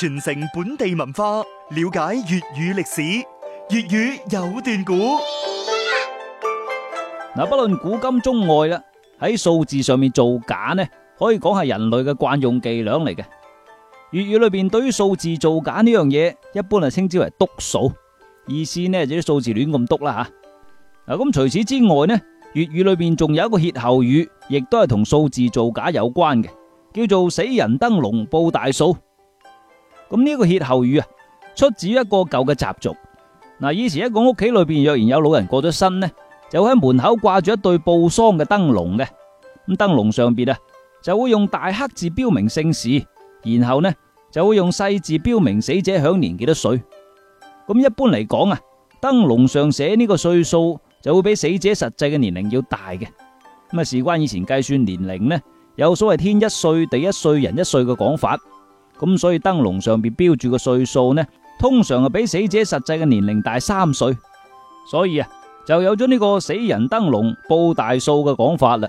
傳承本地文化，了解粵語歷史。粵語有段古，嗱，不論古今中外啦，喺數字上面造假呢，可以講係人類嘅慣用伎倆嚟嘅。粵語裏邊對於數字造假呢樣嘢，一般係稱之為篤數，意思呢就啲數字亂咁篤啦，吓。嗱，咁除此之外呢，粵語裏邊仲有一個歇後語，亦都係同數字造假有關嘅，叫做死人燈籠報大數。咁呢個歇後語啊，出自一個舊嘅習俗。嗱，以前一個屋企裏邊若然有老人過咗身呢，就會喺門口掛住一對報喪嘅燈籠嘅。咁燈籠上邊啊，就會用大黑字標明姓氏，然後呢，就會用細字標明死者享年幾多歲。咁一般嚟講啊，燈籠上寫呢個歲數就會比死者實際嘅年齡要大嘅。咁啊，事關以前計算年齡呢，有所謂天一歲、地一歲、人一歲嘅講法。咁所以燈籠上邊標注嘅歲數呢，通常係比死者實際嘅年齡大三歲，所以啊就有咗呢個死人燈籠報大數嘅講法啦。